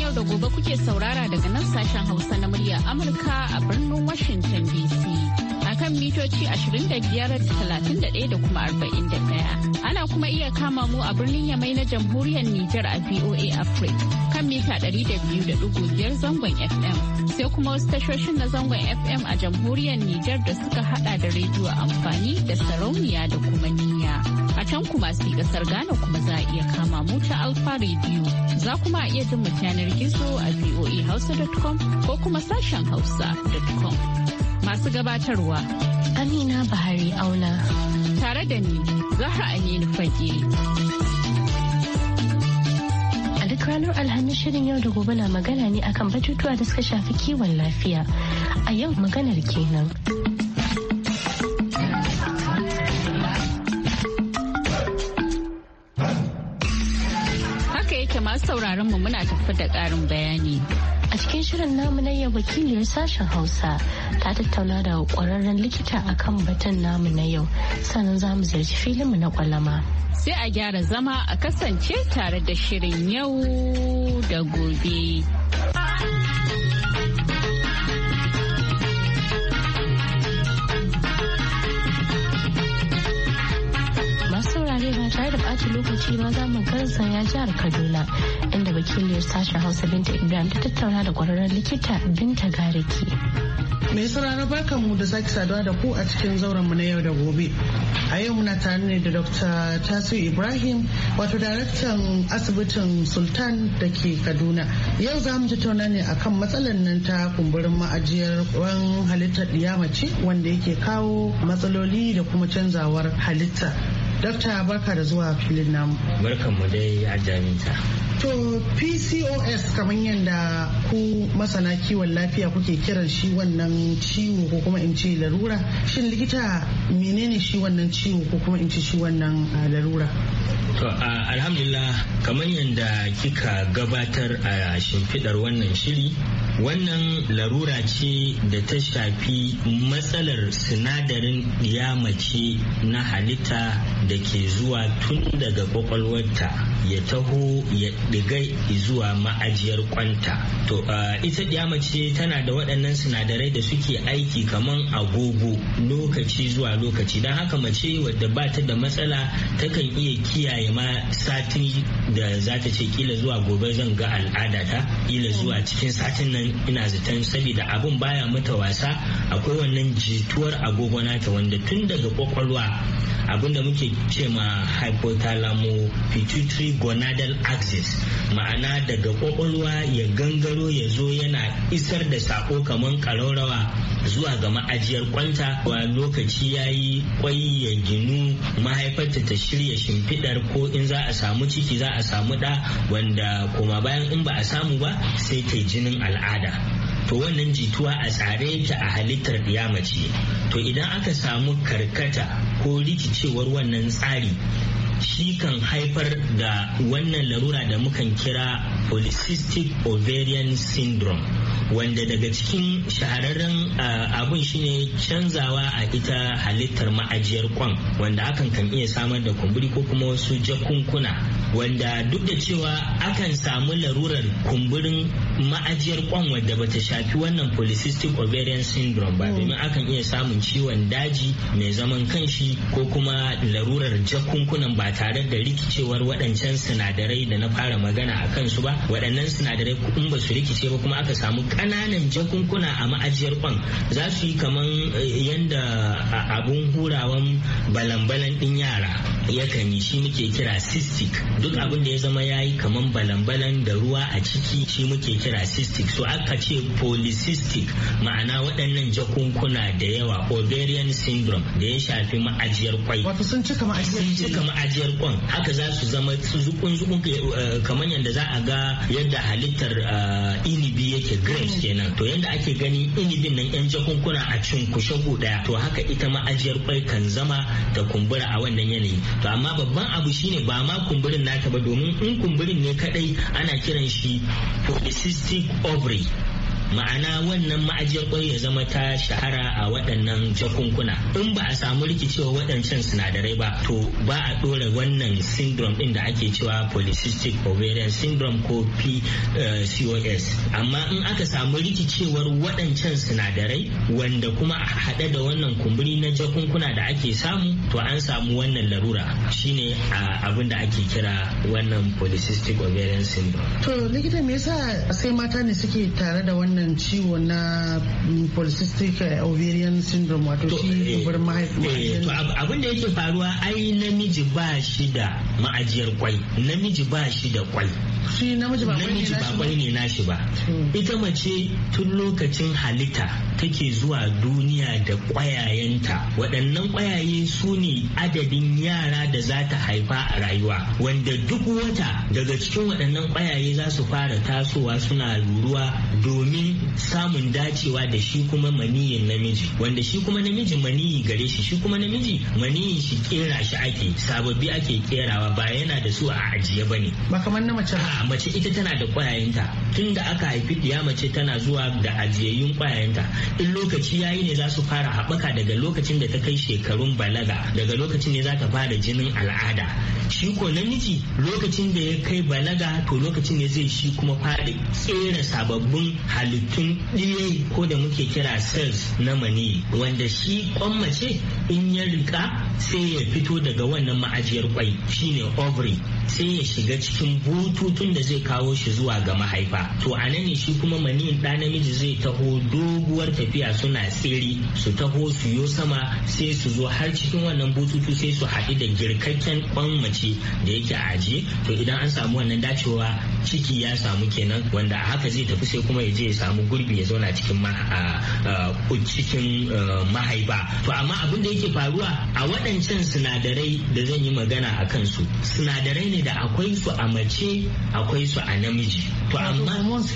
yau da gobe kuke saurara daga nan sashen Hausa na murya Amurka a birnin Washington DC. akan mitoci 25,31 da kuma 41. Ana kuma iya kama mu a birnin Yamai na Jamhuriyar Nijar a VOA Africa kan mita 200.5 zangon FM. sai kuma wasu tashoshin na zangon FM a jamhuriyar Nijar da suka hada da rediyo amfani da sarauniya da kuma ni. ku masu ƙasar Ghana kuma za a iya kama mu ta Alfa Radio. Za kuma a iya jin mu yanar gizo a voahausa.com ko kuma sashen hausa.com. Masu gabatarwa. Amina Bahari Auna. Tare da ni, Zahra Aminu Fage. duk ranar alhamis shirin yau da gobe na magana ne akan batutuwa da suka shafi kiwon lafiya a yau maganar kenan. masu sauraron mu muna tafi da ƙarin bayani. A cikin shirin namu na yau wakiliyar sashen Hausa ta tattauna da ƙwararren likita akan batun namu na yau sannan za mu ziyarci filinmu na kwalama. Sai a gyara zama a kasance tare da shirin yau da gobe. dai ba tare da ɓata lokaci ba za mu garzaya jihar Kaduna inda wakiliyar sashen Hausa Binta Ibrahim ta tattauna da kwararren likita Binta Gariki. Mai sauraron barkan mu da sake saduwa da ku a cikin zauren mu na yau da gobe. A yau muna tare ne da Dr. Tasiu Ibrahim wato daraktan asibitin Sultan da ke Kaduna. Yau za mu tattauna ne akan matsalar nan ta kumburin ma'ajiyar ruwan halittar diyamaci wanda yake kawo matsaloli da kuma canzawar halitta. Dokta barka da zuwa filin namu. Barkan mu dai a jaminta. To PCOS kamar yadda ku masana kiwon lafiya kuke kiran shi wannan ciwo ko kuma in ce larura. Shin likita menene shi wannan ciwo ko kuma in ce shi wannan larura? To alhamdulillah kamar yadda kika gabatar a shimfidar wannan shiri wannan larura ce da ta shafi matsalar sinadarin mace na halitta da ke zuwa tun daga kwakwalwarta ya taho ya digai zuwa ma'ajiyar kwanta to ita ya mace tana da waɗannan sinadarai da suke aiki kamar agogo lokaci zuwa lokaci don haka mace wadda ba ta da matsala takan iya kiyaye ma satin da za ta ce kila zuwa gobe zan ga al'ada ta kila zuwa cikin satin nan ina zaton saboda abun baya mata wasa akwai wannan jituwar agogo nata wanda tun daga kwakwalwa abinda muke ce ma hypothalamo pituitary gonadal axis ma'ana daga kwakwalwa ya gangaro ya zo yana isar da sako kamar karorawa zuwa ga ma'ajiyar kwanta wa lokaci ya yi kwai ya ginu mahaifarta ta shirya shimfiɗar ko in za a samu ciki za a samu ɗa wanda koma bayan in ba a samu ba sai ta jinin al'ada to wannan jituwa a tsare ta a halittar mace to idan aka samu karkata ko rikicewar wannan tsari shi kan haifar da wannan larura da mukan kira polycystic ovarian syndrome wanda daga cikin shahararren ah, abun shine canzawa a ita halittar ma'ajiyar kwan wanda akan kan iya samar da kumburi ko kuma wasu jakunkuna wanda duk da cewa akan samu larurar kumburin ma'ajiyar kwan wadda bata shafi wannan polycystic ovarian syndrome ba domin mm. akan iya samun ciwon daji mai zaman kanshi ko kuma larurar jakunkunan ba tare da rikicewar waɗancan sinadarai da na fara magana a kansu ba waɗannan sinadarai in ba su rikice ba kuma aka samu ƙananan jakunkuna a ma'ajiyar kwan za su yi kaman eh, yanda abun hurawan balan-balan ɗin yara yakan yi shi muke kira cystic duk abin da ya zama ya yi kaman balan-balan da ruwa a ciki shi muke kira racistic su aka ce polycystic ma'ana waɗannan jakunkuna da yawa ovarian syndrome da ya shafi ma'ajiyar kwai wato sun cika ma'ajiyar sun cika ma'ajiyar kwan haka za su zama su zukun zukun eh, eh, kamar yadda za a ga yadda halittar eh, inibi yake grapes kenan to yadda ake gani inibin nan yan jakunkuna a kushe guda to haka ita ma'ajiyar kwai kan zama da kumbura a wannan yanayi to amma babban abu shine ba ma kumburin nata ba domin in kumburin ne kadai ana kiran shi polycystic Sim, ovary ma'ana wannan ma'ajiyar kwai ya zama ta shahara a waɗannan jakunkuna in ba a samu rikicewa waɗancan sinadarai ba to ba a ɗora wannan syndrome ɗin da ake cewa polycystic ovarian syndrome ko pcos amma in aka samu rikicewar waɗancan sinadarai wanda kuma a haɗe da wannan kumburi na jakunkuna da ake samu to an samu wannan larura shine abin da ake kira wannan polycystic ovarian syndrome to likita me yasa sai mata ne suke tare da wannan wannan ciwo na polycystic ovarian syndrome wato shi eh, zubar mahaifa eh, abin da yake faruwa ai namiji ba shi da ma'ajiyar kwai namiji ba shi da kwai namiji ba kwai ne nashi ba ita mace tun lokacin halitta take zuwa duniya da kwayayenta waɗannan kwayaye su ne adadin yara da za ta haifa a rayuwa wanda duk wata daga cikin waɗannan kwayaye za su fara tasowa suna ruruwa domin samun dacewa da shi kuma maniyin namiji wanda shi kuma namiji maniyi gare shi shi kuma namiji maniyin shi kera shi ake sababbi ake kerawa ba yana da su a ajiye ba ne. ba kamar na mace ha mace ita tana da tun da aka haifi ɗiya mace tana zuwa da ajiyayyun kwayayenta in lokaci yayi ne za su fara haɓaka daga lokacin da ta kai shekarun balaga daga lokacin ne za ta fara jinin al'ada shi ko namiji lokacin da ya kai balaga to lokacin ne zai shi kuma fara kera sababbin halittu jikin ɗiye ko da muke kira cells na mani wanda shi kwan mace in ya rika sai ya fito daga wannan ma'ajiyar kwai shine ovary sai ya shiga cikin bututun da zai kawo shi zuwa ga mahaifa to a nan ne shi kuma maniyin ɗa namiji zai taho doguwar tafiya suna tsiri su taho su yo sama sai su zo har cikin wannan bututu sai su haɗu da girkakken kwan mace da yake a ajiye to idan an samu wannan dacewa ciki ya samu kenan wanda a haka zai tafi sai kuma ya je ya samu gurbi ya zauna cikin cikin eh, mahaifa to amma abin da yake faruwa a waɗanda waɗancan sinadarai da zan yi magana a kansu sinadarai ne da akwai su a mace akwai su a namiji to amma hormones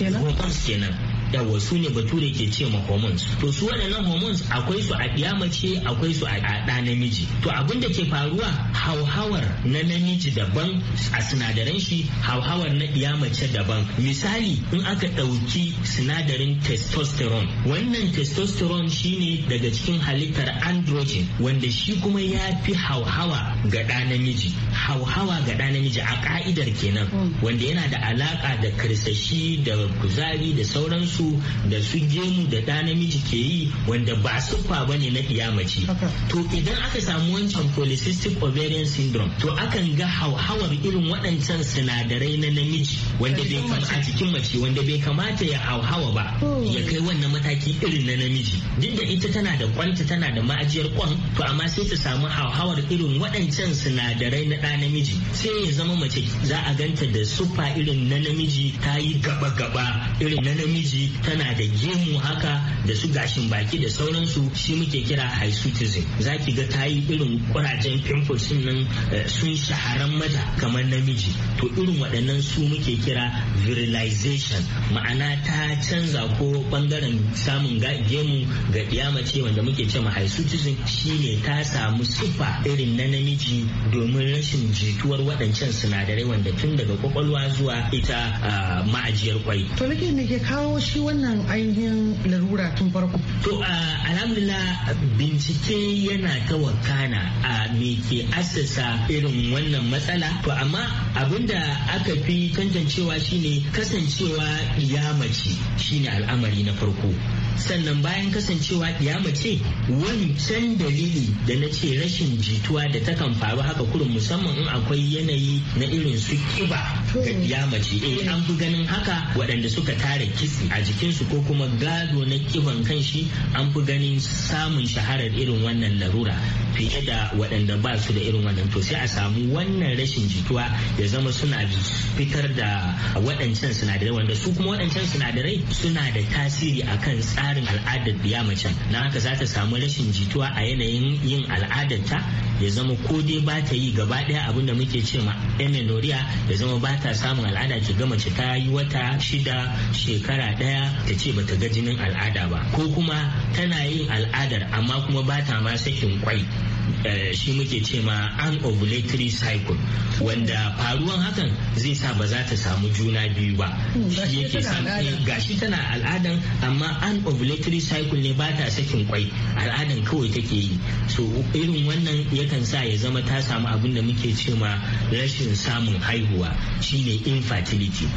kenan yawa su ne bature ke ce ma hormones to su waɗannan hormones akwai su a ɗiya mace akwai su a ɗa namiji to abin da ke faruwa hauhawar na namiji daban a sinadaran shi hauhawar na ɗiya mace daban misali in aka ɗauki sinadarin testosterone wannan testosterone shine daga cikin halittar androgen wanda shi kuma ya fi hauhawa ga ɗa namiji hauhawa ga ɗa namiji a ka'idar kenan mm. wanda yana da alaka da karsashi da kuzari da sauransu da su gemu da ɗa namiji ke yi wanda ba siffa ba ne na iyamaci. to idan aka samu wancan polycystic ovarian syndrome to akan ga hauhawar irin waɗancan sinadarai na namiji wanda bai a cikin mace wanda bai kamata ya hauhawa ba mm. ya kai wannan mataki irin na namiji duk da ita tana da kwanta tana da ma'ajiyar kwan to amma sai ta samu hauhawar irin waɗancan sinadarai na ɗan namiji sai ya zama mace za a ganta da sufa irin na namiji ta yi gaba-gaba irin na namiji tana da gemu haka da su gashin baki da sauransu shi muke kira hirsutism za ki ga ta yi irin kurajen pimples nan eh, sun shaharan mata kamar namiji to irin waɗannan su muke kira virilization ma'ana ta canza ko bangaren samun gemu ga mace wanda muke cewa ma shi shine ta samu sufa irin na namiji domin rashin rashin jituwar waɗancan sinadarai wanda tun daga kwakwalwa zuwa ita ma'ajiyar kwai. To nake me ke kawo shi wannan ainihin larura tun farko? To alhamdulillah bincike yana ta wakana a me ke assasa irin wannan matsala. To amma abinda aka fi tantancewa shine kasancewa ya mace shine al'amari na farko. sannan bayan kasancewa ɗiyama ce wancan dalili da na ce rashin jituwa da ta kan faru haka kurin musamman in akwai yanayi na irin su kiba ga ɗiyama ce eh an fi ganin haka waɗanda suka tara kisi a jikinsu ko kuma gado na kiban kanshi an fi ganin samun shaharar irin wannan larura fiye da waɗanda ba su da irin wannan to sai a samu wannan rashin jituwa ya zama suna fitar da waɗancan sinadarai wanda su kuma waɗancan sinadarai suna da tasiri akan tsa tsarin al'adar ya mace na haka za ta samu rashin jituwa a yanayin yin al'adarta ya zama ko dai ba ta yi gaba ɗaya abin da muke ce ma ya zama ba ta samun al'ada ki ga mace ta yi wata shida shekara ɗaya ta ce ba ta ga jinin al'ada ba ko kuma tana yin al'adar amma kuma ba ta ma sakin kwai shi muke ce ma an ovulatory cycle wanda faruwan hakan zai sa ba za ta samu juna biyu ba hmm, shi yake eh, gashi tana al'adan amma an ovulatory cycle ne ba ta sakin kwai al'adan kawai take yi so irin wannan yakan sa ya zama ta samu abin da muke ce ma rashin samun haihuwa shine infertility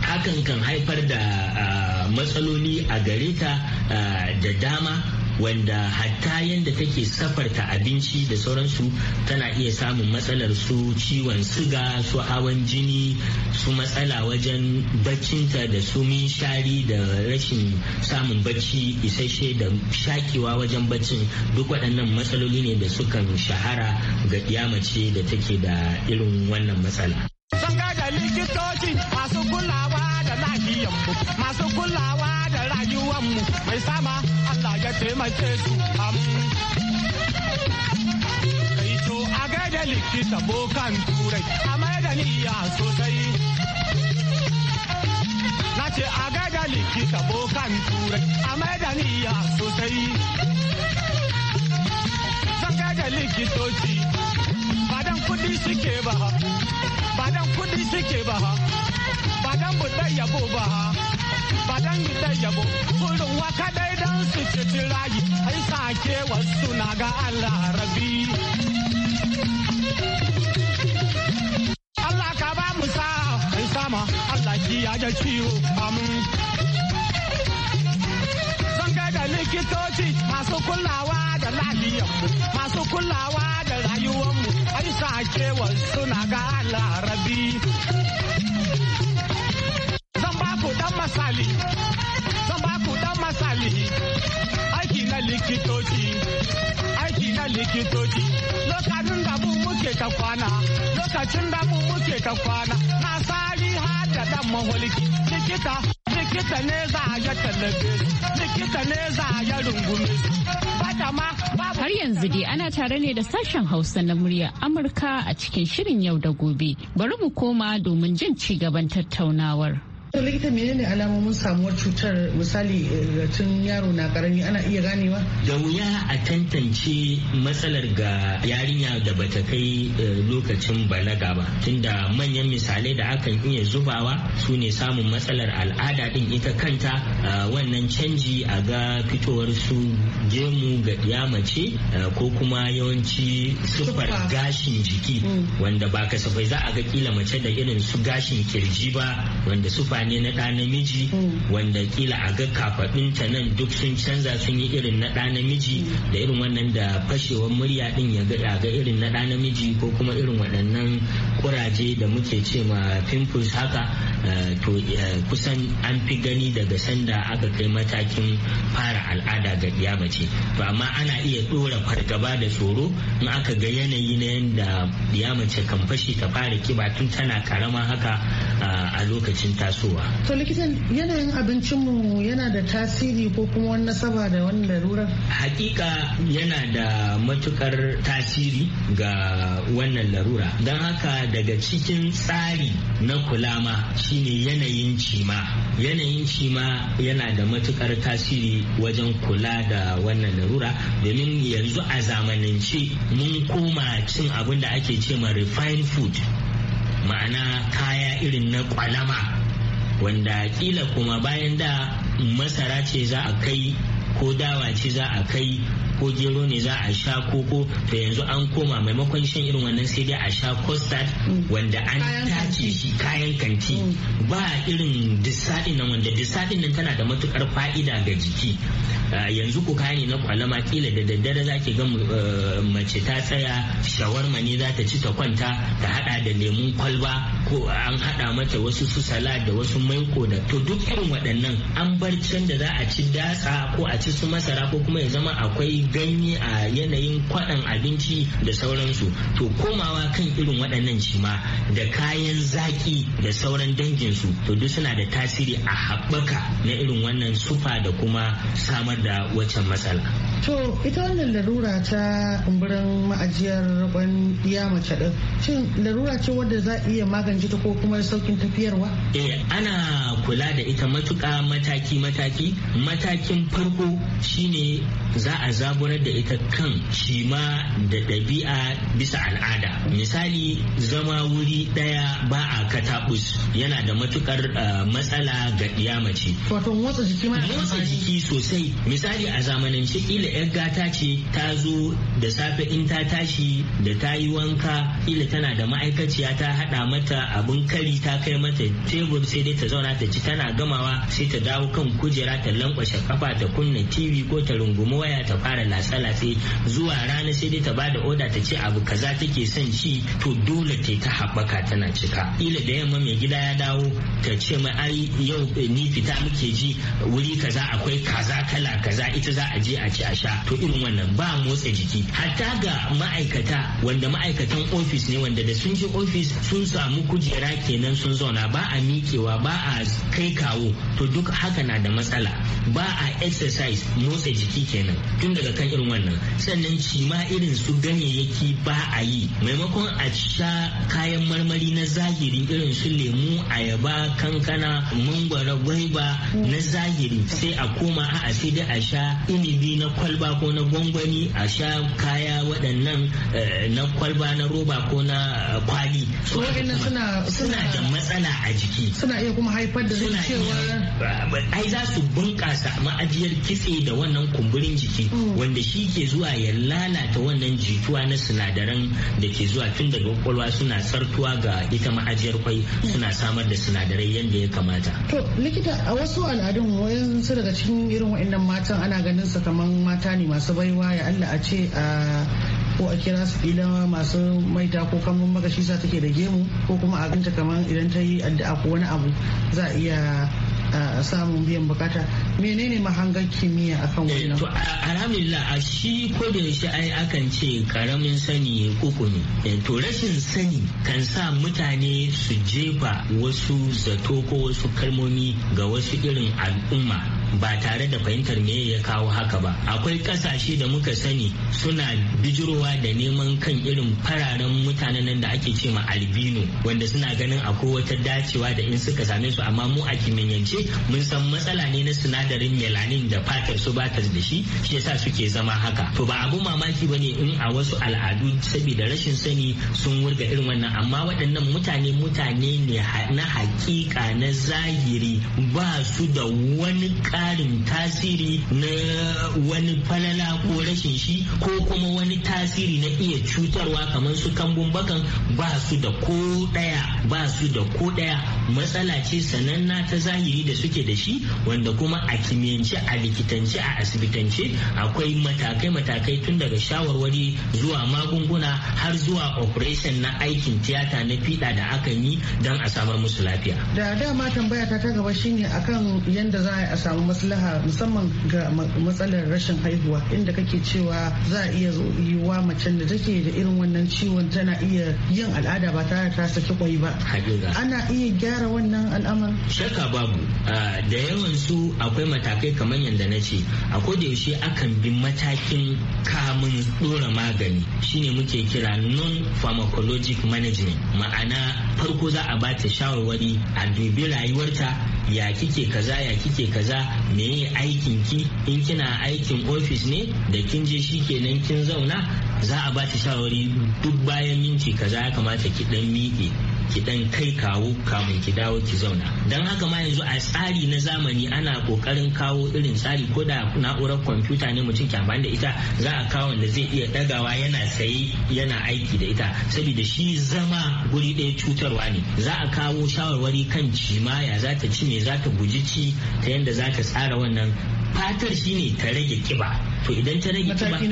hakan kan haifar da ah, matsaloli a gareta ta ah, da dama wanda hatta yadda take safarta abinci da sauransu tana iya samun matsalar su ciwon siga su hawan jini su matsala wajen baccinta da su shari da rashin samun bacci isasshe da shakewa wajen baccin duk waɗannan matsaloli ne da sukan shahara ga mace da take da irin wannan matsala. da likitoci masu kulawa da masu kulawa ruwanmu mai sama Allah ya taimake su to a gaida likita bokan turai a mai da niyya sosai. Na ce a gaida likita bokan turai a mai da niyya sosai. Zan gaida likitoci badan kudi suke ba ha, badan kudi suke ba ha, badan budai ba ha. ba dan da yabo kurin wa dai dan su ci rayi ai sake wasu na ga Allah rabi Allah ka ba mu sa ai sama Allah ki ya da ciwo amin zan ga da likitoci masu kulawa da lahiyarmu masu kulawa da rayuwarmu ai sake wasu na ga Allah rabi dan misali zan ba ku dan misali aiki na likitoci aiki na likitoci lokacin da mu muke ta kwana lokacin da mu muke ta kwana na sali har da dan maholiki likita likita ne za a ya tallafe likita ne za a ya rungume bata ma Har yanzu dai ana tare ne da sashen Hausa na murya Amurka a cikin shirin yau da gobe. Bari mu koma domin jin ci gaban tattaunawar. to likita menene alamomin samuwar cutar misali eh, tun yaro na karami ana iya ganewa da wuya a tantance matsalar ga yarinya da bata kai eh, lokacin balaga ba tunda manyan misalai da akan iya zubawa su ne samun matsalar al'ada din ita kanta wannan canji a ga fitowar su gemu ga ɗiya mace eh, ko kuma yawanci siffar gashin jiki mm. wanda ba kasafai za a ga kila mace da irin su gashin kirji ba wanda sufa ne na ɗa namiji mm. wanda kila a ga kafaɗinta nan duk sun canza sun yi irin na ɗa namiji mm. da irin wannan da fashewar murya ɗin ya ga ga irin na ɗa namiji ko kuma irin waɗannan kuraje da muke ce ma pimples haka eh, to eh, kusan an fi gani daga sanda aka kai matakin fara al'ada ga ɗiya mace to amma ana iya ɗora fargaba da tsoro in aka ga yanayi na yadda ɗiya mace kan fashe ta fara kiba tun tana karama haka eh, a lokacin tasowa rayuwa. To likitan yanayin abincin mu yana da tasiri ko kuma wani nasaba da wani larurar? Hakika yana da matukar tasiri ga wannan larura. Don haka daga cikin tsari na kulama shine yanayin cima. Yanayin cima yana da matukar tasiri wajen kula da wannan larura domin yanzu a zamanance mun koma cin abin da ake ce ma refined food ma'ana kaya irin na kwalama wanda kila kuma bayan da masara ce za a kai ko dawa ce za a kai ko gero ne za a sha koko to yanzu an koma maimakon shan irin wannan sai dai a sha custard mm. wanda an tace shi kayan kanti mm. ba irin disadin nan wanda disadin nan tana da matukar fa'ida ga jiki ah, yanzu ku kayan na kwalama kila da daddare za ki ga eh, mace ta tsaya shawarma ne za ta ci ta kwanta ta hada da lemun kwalba ko an haɗa mata wasu su salad da wasu maiko da to duk irin waɗannan an bar can da za a ci datsa ko a ci su masara ko kuma ya zama akwai ganye a yanayin kwaɗan abinci da sauransu to komawa kan irin waɗannan shi ma da kayan zaki da sauran danginsu to duk suna da tasiri a haɓaka na irin wannan sufa da kuma samar da waccan matsala. To ita wannan larura ta kumburin ma'ajiyar rabon iya mace ɗin, Shin larura ce wadda za iya magance ta ko kuma saukin tafiyarwa? Eh ana kula da ita matuƙa mataki-mataki. Matakin farko shine za a zaburar da ita kan shima da ɗabi'a bisa al'ada. Misali zama wuri ɗaya ba a kataɓus yana da matuƙar eh, matsala ga iya mace. Wato motsa jiki ma? Motsa jiki sosai. Misali a zamanance da yar gata ce ta zo da safe in ta tashi da ta yi wanka ila tana da ma'aikaciya ta haɗa mata abin kari ta kai mata tebur sai dai ta zauna ta ci tana gamawa sai ta dawo kan kujera ta lankwashe kafa ta kunna tv ko ta rungumi waya ta fara lasa sai zuwa rana sai dai ta ba da oda ta ce abu kaza take son ci to dole ta ta haɓaka tana cika ila da yamma mai gida ya dawo ta ce mai ai yau eh, ni fita muke ji wuri kaza akwai kaza kala kaza ita za a je a ci a sha to irin wannan ba motsa jiki hatta ga ma'aikata wanda ma'aikatan ofis ne wanda da sun je ofis sun samu kujera kenan sun zauna ba a miƙewa ba a kai kawo to duk haka na da matsala ba a exercise motsa jiki kenan tun daga kan irin wannan sannan ci ma irin su ganyayyaki ba a yi maimakon a sha kayan marmari na zahiri irin su lemu ayaba kankana mangwara gwaiba na zahiri sai a koma a sai dai a sha inibi na kwalba ko na gwangwani a sha kaya waɗannan eh, na kwalba na roba ko na eh, kwali suna suna da matsala a jiki suna iya kuma haifar da cewa ai za su bunƙasa ma'ajiyar kitse da wannan kumburin jiki mm. wanda shi ke zuwa ya lalata wannan jituwa na sinadaran da ke zuwa tun daga suna sartuwa ga ita ma'ajiyar kwai mm. suna samar da sinadarai yadda ya kamata to likita a wasu al'adun su daga cikin irin waɗannan matan ana ganin su kamar mata ne masu baiwa ya Allah a ce a ko a kira su kila masu maita ko kamun magashi sa take da gemu ko kuma a ganta kamar idan ta yi addu'a ko wani abu za a iya samun biyan bukata menene mahangar kimiyya akan eh, wannan to alhamdulillah a shi ko da yaushe ai akan ce karamin sani kuku ne eh, to rashin sani kan sa mutane su jefa wasu zato ko wasu kalmomi ga wasu irin al'umma ba tare da fahimtar me ya kawo haka ba akwai kasashe da muka sani suna bijirowa da neman kan irin fararen mutanen nan da ake ce albino wanda suna ganin akwai wata dacewa da in suka same su amma mu a kimiyyance mun san matsala ne na sinadarin melanin da fatar su ba da shi shi yasa suke zama haka to ba abu mamaki ne in a wasu al'adu saboda rashin sani sun wurga irin wannan amma waɗannan mutane mutane ne na hakika na zahiri ba su da wani tsarin tasiri na wani falala ko rashin shi ko kuma wani tasiri na iya cutarwa kamar su kambun bakan ba su da ko daya ba su da ko ɗaya matsala ce sananna ta zahiri da suke da shi wanda kuma a kimiyyance a likitance a asibitance akwai matakai-matakai tun daga shawarwari zuwa magunguna har zuwa operation na aikin tiyata na fiɗa da aka yi don a samar musu lafiya. Da dama tambaya ta ta gaba shine akan yadda za a samu maslaha musamman ga matsalar rashin haihuwa inda kake cewa za a iya yiwuwa macen da take da irin wannan ciwon tana iya yin al'ada ba tare ta saki kwai ba ana iya gyara wannan al'amar shaka babu ah, da yawan su akwai matakai kamar yadda na ce a yaushe akan bi matakin kamun dora magani shine muke kira non pharmacologic management ma'ana farko za a bata shawarwari a dubi rayuwarta ya kike kaza ya kike kaza meye aikin ki in kina aikin ofis ne da kin je shi shikenan kin zauna za a ba ta shawari duk bayan minti kaza ya kamata ki dan miƙe ki dan kai kawo kamun ki dawo ki zauna dan haka ma yanzu a tsari na zamani ana kokarin kawo irin tsari ko da na'urar kwamfuta ne mutum ki amfani da ita za a kawo da zai iya dagawa yana saye yana aiki da ita saboda shi zama guri ɗaya cutarwa ne za a kawo shawarwari kan cimaya za ta ci me za ta guji ci ta yanda za ta tsara wannan fatar shine ta rage kiba to idan ta rage kuma mataki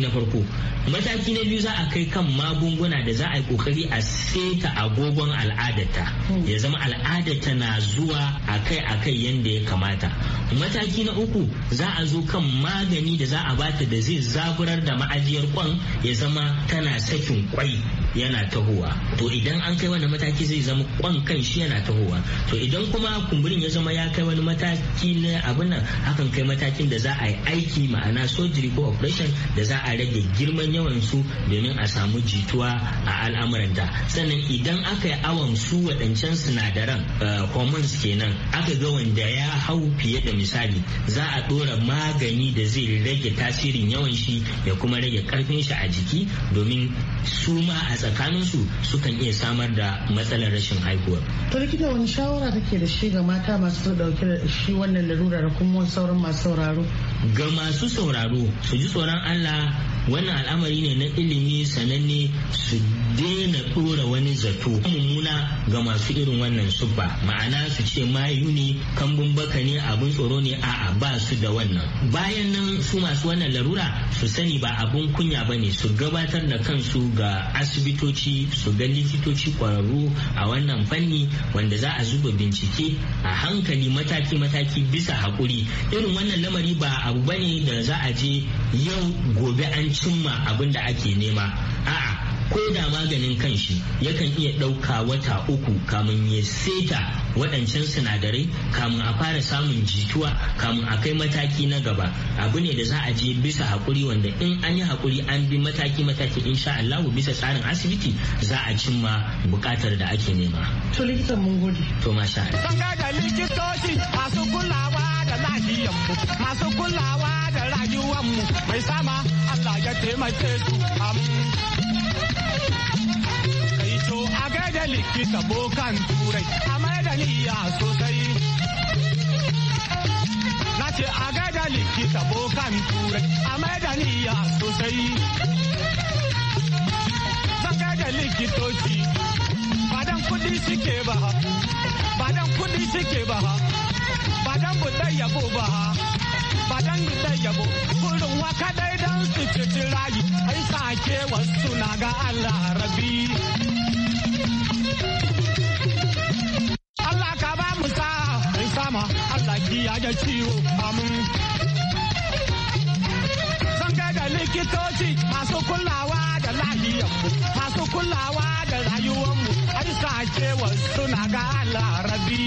na farko mataki na biyu za a kai kan magunguna da za a yi kokari a seta agogon al'adata hmm. ya zama al'adata na zuwa akai akai yadda ya kamata mataki na uku za a zo kan magani da za a bata da zai zaburar da ma'ajiyar kwan ya zama tana sakin kwai yana tahowa to idan an kai wani mataki zai zama kwan kan shi yana tahowa to idan kuma kumburin ya zama ya kai wani mataki na abin nan hakan kai matakin da za a yi aiki ma'ana surgery ko operation da za a rage girman yawan su domin a samu jituwa a al'amuranta sannan idan aka yi awon su waɗancan sinadaran eh, hormones kenan aka ga wanda ya hau fiye da misali za a ɗora magani da zai rage tasirin yawan shi ya kuma rage karfin shi a jiki domin su ma a tsakanin su sukan iya samar da matsalar rashin haihuwa. To likita wani shawara take da shi ga mata masu dauke da shi wannan larura da kuma sauran masu sauraro? Ga masu sauraro su ji tsoron Allah wannan al'amari ne na ilimi sananne su daina ɗora wani zato mummuna ga masu irin wannan suba ma'ana su ce mayu ne kambun baka ne abin tsoro ne a'a ba su da wannan bayan nan su masu wannan larura su sani ba abun kunya ba ne su gabatar da kansu ga asibitoci su ga likitoci kwararru a wannan fanni wanda za a zuba bincike a hankali mataki-mataki bisa haƙuri irin wannan lamari ba abu bane da za a je yau gobe an cimma abin da ake nema a'a ko da maganin kanshi yakan iya ɗauka wata uku kamun ya seta waɗancan sinadarai kamun a fara samun jituwa kamun a kai mataki na gaba abu ne da za a je bisa haƙuri wanda in an yi haƙuri an bi mataki mataki insha Allahu bisa tsarin asibiti za a cimma buƙatar da ake nema. To likitan mun gode. To masha masu kulawa da lahiyanmu masu kulawa da rayuwanmu mai sama ya taimake su kai to a gaida likita bokan turai a mai da niyya sosai na ce a gaida likita bokan turai a mai da niyya sosai zan gaida likitoci badan kudi suke ba badan kudi suke ba badan budai yabo ba badan budai yabo kurin waka don su ci rayu ai sake wasu na ga Allah rabi. Allah ka ba mu sa mai sama Allah ki da ciwo amin. Zan ga da likitoci masu kulawa da lahiyanmu masu kulawa da mu ai sake wasu na ga Allah rabi.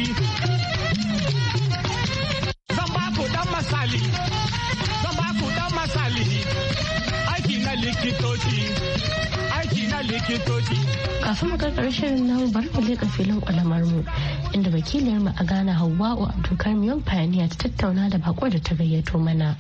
likitoci aiki na kafin mu karkar shirin namu bari mu leƙa filin kwalamar mu inda wakilin mu a Ghana hawa Abdulkarim yan Pioneer ta tattauna da bako da ta gayyato mana.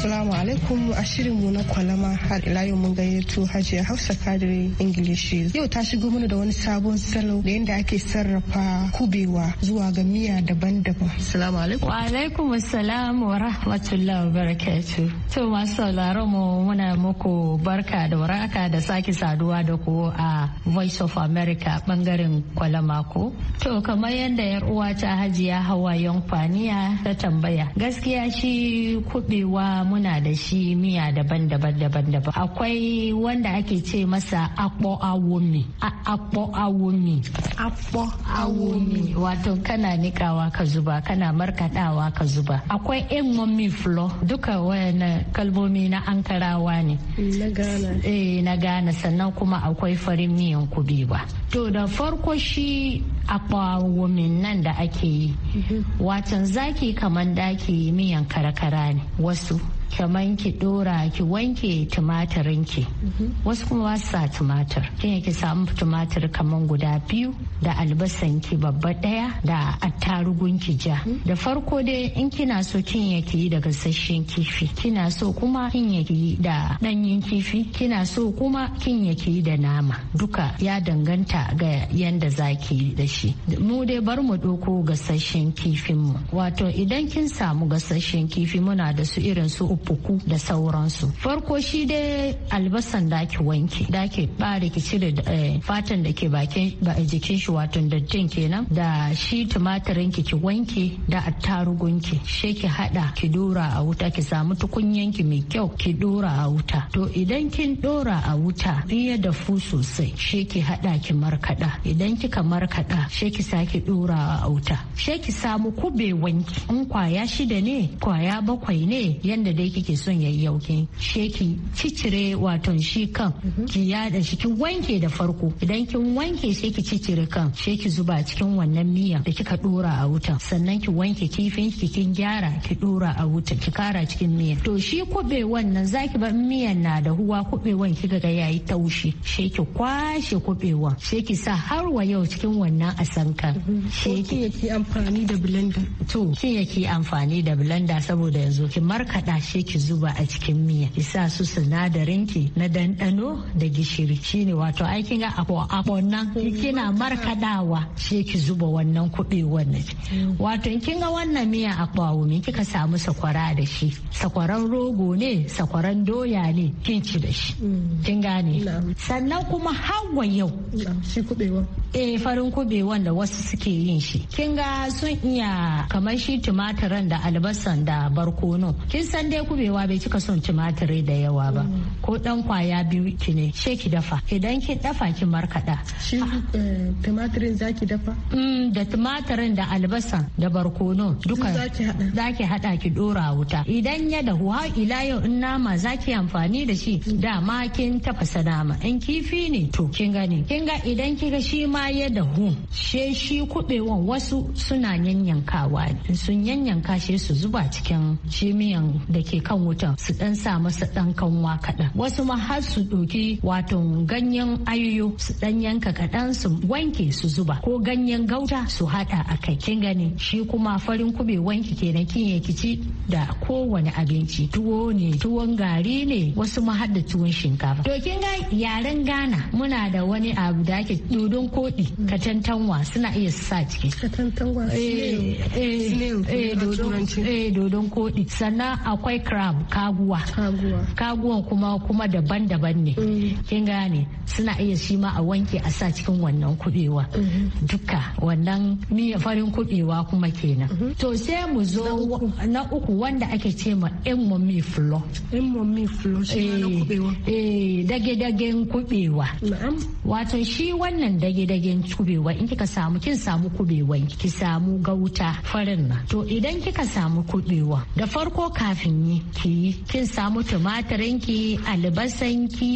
Assalamu alaikum a shirinmu na kwalama har ila yau mun gayyato Hajiya Hausa Kadiri Ingilishi. Yau ta shigo mana da wani sabon salo da yadda ake sarrafa kubewa zuwa ga miya daban-daban. Assalamu alaikum. Wa alaikum assalam wa rahmatullahi wa barakatuh. To masu sauraron mu muna muku barka da waraka da sake saduwa da ku a Voice of America bangaren kwalama ko. To kamar yadda yar uwa ta Hajiya Hawa Yonfaniya ta tambaya. Gaskiya shi kubewa muna da shi miya daban-daban daban-daban akwai wanda ake ce masa akpo awomi akpo awomi akpo awomi wato kana nikawa ka zuba kana markadawa ka zuba akwai engomi flo duka wayannan kalmomi na ankarawa ne na gana eh na gana sannan kuma akwai farin miyan kubewa to da farko shi akwawomin nan da ake yi mhm. watan zaki kamar daki miyan karakara ne wasu kaman ki dora ki wanke tumatirinki. ki mhm. wasu kuma wasu sa tumatir kin ki samu tumatir kaman guda biyu da albasan ki babba daya da attarugun ki ja mhm. da farko dai in kina so kin ya ki da gasasshen kifi kina so kuma kin ya ki da danyen kifi kina so kuma kin ya ki da nama duka ya danganta ga yanda zaki yi da shi mu dai bar mu doko gasasshen kifin mu wato idan kin samu gasasshen kifi muna da su irin su fuffuku da sauransu farko shi dai albasan da ake wanke da ake bare ki cire eh, fatan da ke bakin jikin shi wato dattin kenan da shi tumatirin ki ki wanke da attarugun ki she ki hada ki dora a wuta ki samu tukunyan ki mai kyau ki dora a wuta to idan kin dora a wuta in ya dafu sosai she ki hada ki markaɗa idan kika markada she ki sake dora a wuta she ki samu kube wanki in kwaya shida ne kwaya bakwai ne yanda dai kike son yayi yauki sheki cicire waton shi kan mhm. ki yada shi ki wanke da farko idan kin wanke shi ki cicire kan shi ki zuba cikin wannan miya da kika dora a wuta sannan ki wanke kifin ki kin gyara ki dora a wuta ki kara cikin miya to shi kube wannan zaki ba miyan na da huwa kubewan kika ga yayi taushi shi ki kwashe kuɓewan shi ki sa har wa yau cikin wannan asanka mhm. shi ki amfani da blender to ki yake amfani da blender saboda yanzu ki markada shi sai ki zuba a cikin miya isa su sinadarin ki na dandano da gishiri shine wato ai kin ga abu nan kina markadawa sai ki zuba wannan kuɓewar wannan wato kin ga wannan miya akwawu me kika samu sakwara da shi sakwaran rogo ne sakwaran doya ne kin ci da shi mm. kin gane sannan kuma hawa yau shi eh farin kubewan da wasu suke yin shi kin ga sun iya kamar shi tumatirin da albasan da barkono kin san dai kubewa bai cika son tumatiri da yawa ba mm. ko dan kwaya biyu ki ne she ki dafa idan ah. eh, ki dafa ki markada shi tumatirin zaki dafa da tumatirin da albasa da barkono duka zaki hada ki dora wuta idan ya dahu har ila yau in nama zaki amfani da shi da ma kin tafasa nama in kifi ne to kin gani kin ga idan kiga shi ma ya dahu she shi kubewan wasu suna yanyankawa sun yanyanka shi su zuba cikin shi miyan da ke kan wutan su dan sa masa dan kanwa kaɗan wasu ma har su doki wato ganyen ayoyo su dan yanka kaɗan su wanke su zuba ko ganyen gauta su haɗa a kai kin gani shi kuma farin kube wanki kenan kin kici da kowane abinci tuwo ne tuwon gari ne wasu ma har da tuwon shinkafa to kin ga yaren Ghana muna da wani abu da ake dodon koɗi katantanwa suna iya sa ciki katantanwa eh eh eh, eh dodon koɗi sannan akwai crab kaguwa kaguwan kuma kuma daban-daban ne mm. kin gane suna iya shi ma a wanke a sa cikin wannan kubewa mm-hmm. duka wannan miya farin kubewa kuma kenan mm-hmm. to sai mu zo na uku wanda ake ce ma emomi flo emomi flo shi na eh, eh dage-dagen kubewa wato shi wannan dage-dagen kubewa in kika samu kin samu kubewa ki samu gauta farin na to idan kika samu kubewa da farko kafin yi ki kin samu tumatirin ki albasan ki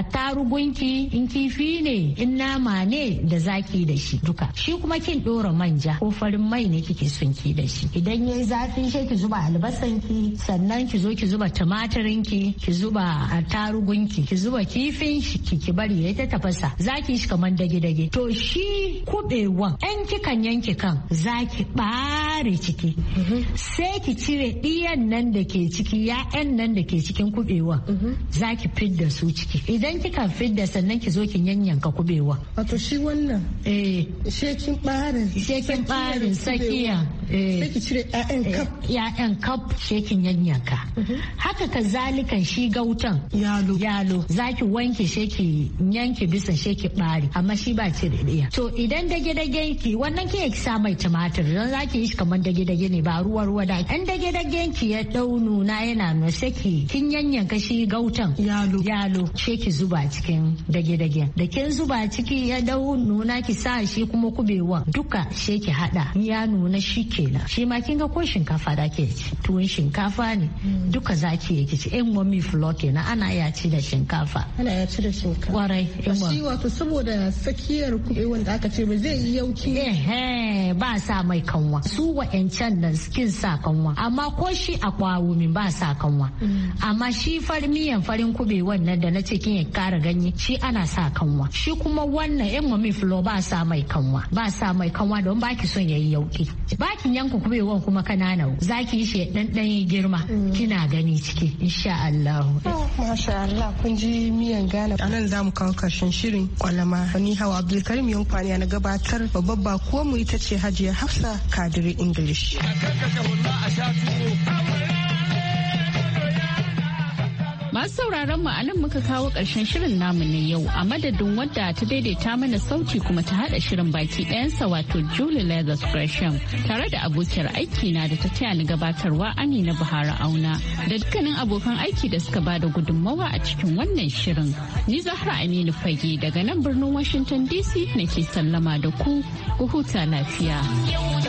attarugun ki in kifi ne in nama ne da zaki da shi duka shi kuma kin dora manja ko farin mai ne kike son ki da shi idan yayi zafi sai ki zuba albasan ki sannan ki zo ki zuba tumatirin ki ki zuba attarugun ki ki zuba kifin shi ki bari ya ta tafasa zaki shi kamar dage-dage to shi kubewan yan kikan yanki kan zaki bare ciki mhm. sai ki cire ɗiyan nan da ke ciki ya'yan nan da ke cikin kubewa mhm. za ki fidda su ciki idan kika fidda sannan ki zo ki yanyanka kubewa wato shi wannan eh shekin barin shekin barin sakiya Eh, sai ki cire eh, kaf kaf sai ki yanyanka mhm. haka ka zalikan shi gautan yalo yalo zaki wanke sai ki yanke bisa sai ki bare amma shi ba cire iya. to idan dage dage ki wannan ke ki sa mai tumatir dan zaki yi shi kamar dage dage ne ba ruwa ruwa da an dage dagen ki ya dau nuna yana nuna sai ki kin yanyanka shi gautan yalo yalo sai ki zuba cikin dage dage da kin zuba ciki ya dau nuna ki sa shi kuma kubewa duka sai ki hada ya nuna shi kenan shi ma kin ga ko shinkafa da ke ci tuwon shinkafa ne mm. duka za ki yi ci in wani flo kenan ana ya ci da shinkafa ana ya ci da shinkafa kwarai shi wato saboda tsakiyar kuɓe eh, wanda aka ce ba zai yi yauki eh ba sa mai kanwa su wa'ancan nan skin sa kanwa amma ko shi a kwawo min ba sa kanwa mm. amma shi farin miyan farin kuɓe wannan da na ce kin ya kara ganye shi ana sa kanwa shi kuma wannan yan wani flo ba sa mai kanwa ba sa mai kanwa don ba ki son yayi yauki baki yanku kube kubewan kuma kanana zaki yi shi dan dan girma mm. kina gani ciki insha Allah oh, masha Allah kun ji miyan gana anan zamu kawo karshen shirin kwalama ni hawa Abdulkarim Yankwani na gabatar babbar ba ko mu ita ce Hajiya Hafsa Kadiri English Masu sauraron mu anan muka kawo ƙarshen shirin namu na yau a madadin wadda ta daidaita mana sauti kuma ta haɗa shirin baki ɗayansa wato Julie Leathers Gresham tare da abokiyar aiki na da ta taya ni gabatarwa Amina Buhari Auna da dukkanin abokan aiki da suka bada gudunmawa a cikin wannan shirin. Ni Zahra Aminu Fage daga nan birnin Washington DC nake sallama da ku ku huta lafiya.